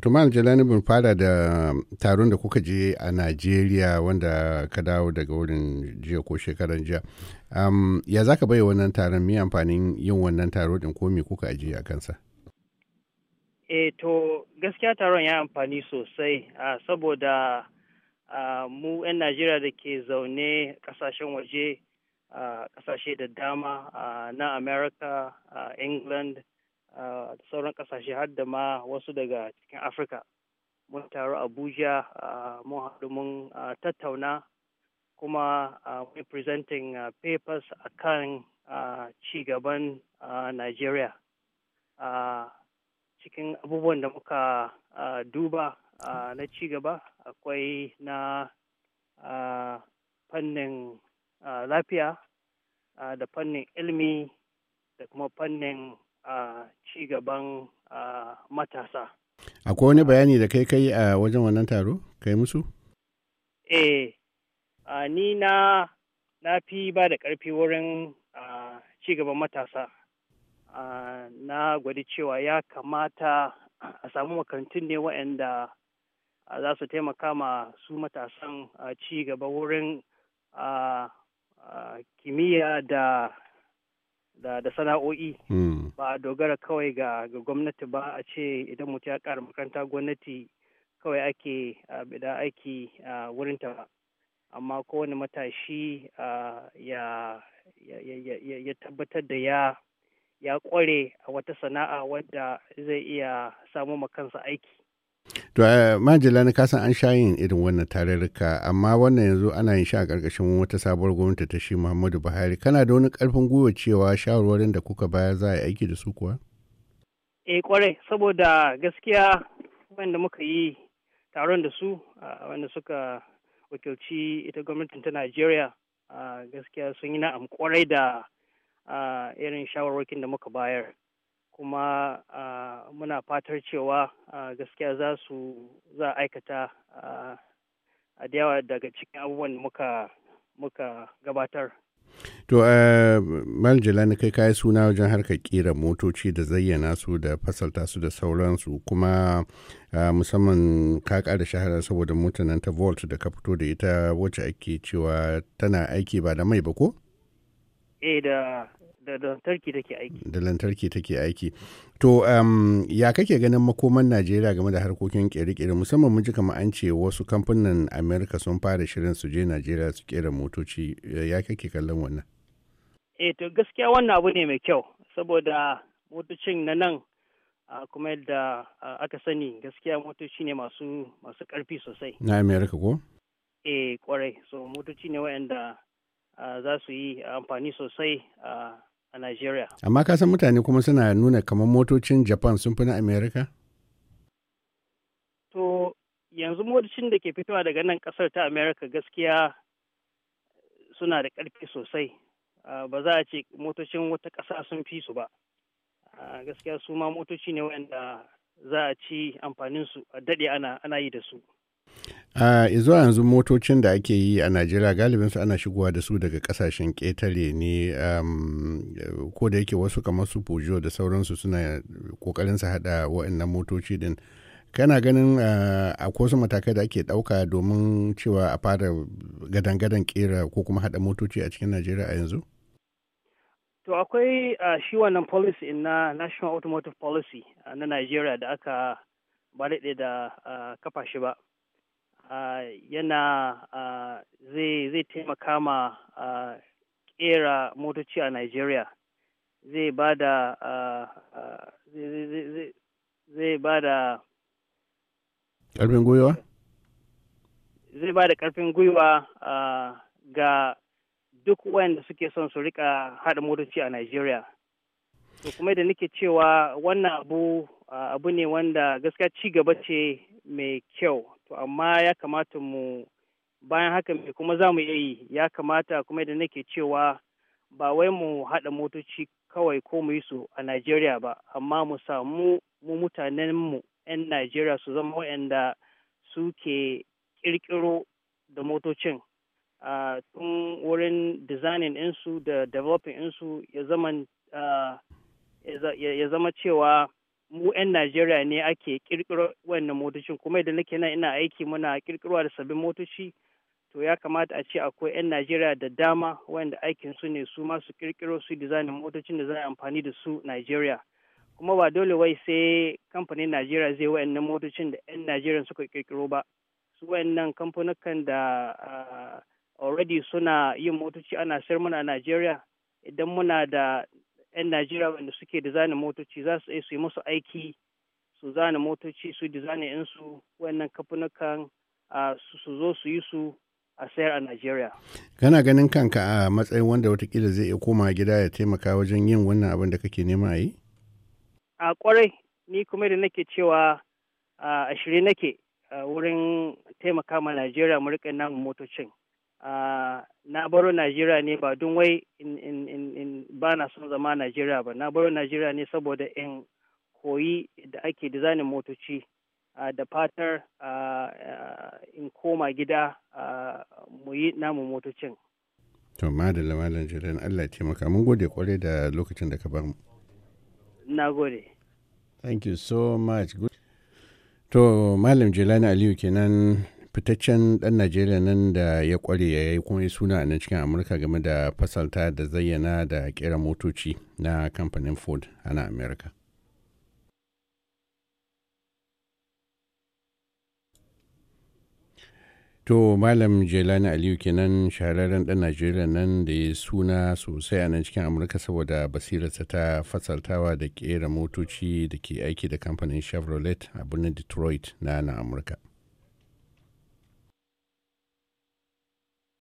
tuma jalani bin fara da taron da kuka je a najeriya wanda ka dawo daga wurin jiya ko shekaran jiya ya za ka bai wannan taron mai amfanin yin wannan taro din ko me kuka je a kansa e to gaskiya taron ya amfani sosai saboda mu 'yan najeriya da ke zaune kasashen waje kasashe da dama na america england da sauran kasashe har da ma wasu daga cikin afirka mun taru abuja mun haɗu mun tattauna kuma mun presenting papers a kan cigaban nigeria cikin abubuwan da muka duba na cigaba akwai na fannin lafiya da fannin ilimi da kuma fannin a ci gaban matasa. Akwai wani bayani da kai kai a wajen wannan taro? Kai musu? Eh, ni na na fi ba da ƙarfi wurin ci gaban matasa. Na gwada cewa ya kamata a samu makarantun ne waɗanda za su taimaka ma su matasan ci gaba wurin kimiyya da da da sana'o'i hmm. ba a dogara kawai ga gwamnati ba a ce idan mutum ya ƙara makaranta gwamnati kawai ake bida aiki a wurin ta amma kowane matashi ya tabbatar da ya ya kware a wata sana'a wadda zai iya samu kansa aiki To majila na kasan an sha yin irin wannan tarurruka amma wannan yanzu ana yin sha a ƙarƙashin wata sabuwar gwamnati ta shi Muhammadu Buhari kana da wani ƙarfin gwiwa cewa shawarwarin da kuka bayar za a yi aiki da su kuwa? Eh kwarai saboda gaskiya wanda muka yi taron da su wanda suka wakilci ita gwamnatin ta Najeriya gaskiya sun yi na'am kwarai da irin shawarwakin da muka bayar. kuma muna fatar cewa gaskiya za su za aikata a yawa daga cikin abubuwan muka muka gabatar To, uh, eh, Manjilani kai kayi suna wajen harkar kira motoci da zayyana su da fasalta su da sauransu kuma musamman ka da shahara saboda mutanen ta Volt da ka fito da ita wacce ake cewa tana aiki ba da mai ba ko? Eh da da lantarki take aiki aiki to um, ya kake ganin makoman najeriya game da harkokin kere-kere musamman mun ji kamar an ce wasu kamfanin amerika sun fara shirin su je najeriya su kera motoci ya kake kallon wannan eh to gaskiya wannan abu ne mai kyau saboda motocin na nan kuma yadda aka sani gaskiya motoci ne masu masu karfi sosai na amerika ko eh kwarai so motoci ne waɗanda za su yi amfani sosai a a Najeriya. Amma ka san mutane kuma suna nuna kamar motocin Japan sun fi na Amerika? To yanzu motocin da ke fitowa daga nan kasar ta Amerika gaskiya suna da ƙarfi sosai. Ah, ba za a ce motocin wata ƙasa sun fi su ba. Ah, gaskiya su ma motoci ne wanda za a ci amfaninsu a daɗe ana yi da su. a zuwa yanzu motocin da ake yi a najeriya galibin su ana shigowa da su daga kasashen ƙetare ne ko da yake wasu kamar su peugeot da sauransu suna kokarin su hada na motoci din kana ganin a wasu matakai da ake ɗauka domin cewa a fara gadan-gadan kera ko kuma hada motoci a cikin najeriya a yanzu to akwai shi wannan policy na national automotive policy na najeriya da aka ba da kafa shi ba yana zai taimaka ma kera motoci a Najeriya. zai ba da zai ba da ƙarfin gwiwa? zai ba da ƙarfin gwiwa ga duk wanda suke son su rika haɗa motoci a Najeriya. To kuma da nake cewa wannan abu abu ne wanda gaskiya ci gaba ce mai kyau to amma ya kamata mu bayan haka me kuma za mu iya yi ya kamata kuma da nake cewa ba wai mu haɗa motoci kawai ko mu yi su a Najeriya ba amma mu samu mu mutanen mu 'yan Najeriya su zama waɗanda suke ƙirƙiro da motocin tun wurin designing insu da developing ɗinsu ya zama cewa mu 'yan Najeriya ne ake kirkiro wannan motocin kuma idan nake nan ina aiki muna kirkirowa da sabbin motoci to ya kamata a ce akwai 'yan Najeriya da dama wanda aikin su ne su masu su kirkiro su dizainin motocin da za a amfani da su Najeriya kuma ba dole wai sai kamfanin Najeriya zai wayannan motocin da 'yan Najeriya suka kirkiro ba su wayannan kamfanukan da ah, already suna yin motoci ana sayar mana a Najeriya idan muna da 'yan Najeriya wanda suke dizanin motoci za su su yi musu aiki su zana motoci su dizanin insu wannan kafinukan su zo su yi su a sayar a Najeriya. Kana ganin kanka a matsayin wanda watakila zai iya koma gida ya taimaka wajen yin wannan abin da kake nema a yi? A kwarai ni kuma da nake cewa a shirye nake wurin taimaka ma Najeriya mu riƙe motocin. Ah, na baro Najeriya ne ba don wai in ba na son zama Najeriya ba na baro Najeriya ne saboda in koyi da ake dizanin motoci ah, da fatar ah, in koma gida mu yi namu motocin. To madalla malam jiran Allah ce maka mun gode kwarai da lokacin da ka ba mu. Na gode. Thank you so much. Good. To Malam Jelani Aliyu kenan fitaccen ɗan najeriya nan da ya kware ya yi kuma suna a nan cikin amurka game da fasalta da zayyana da kera motoci na kamfanin ford ana america To Malam Jelani Aliyu kenan shahararren ɗan Najeriya nan da ya suna sosai a nan cikin Amurka saboda basirarsa ta fasaltawa da ƙera motoci da ke aiki da kamfanin Chevrolet a birnin Detroit na na Amurka.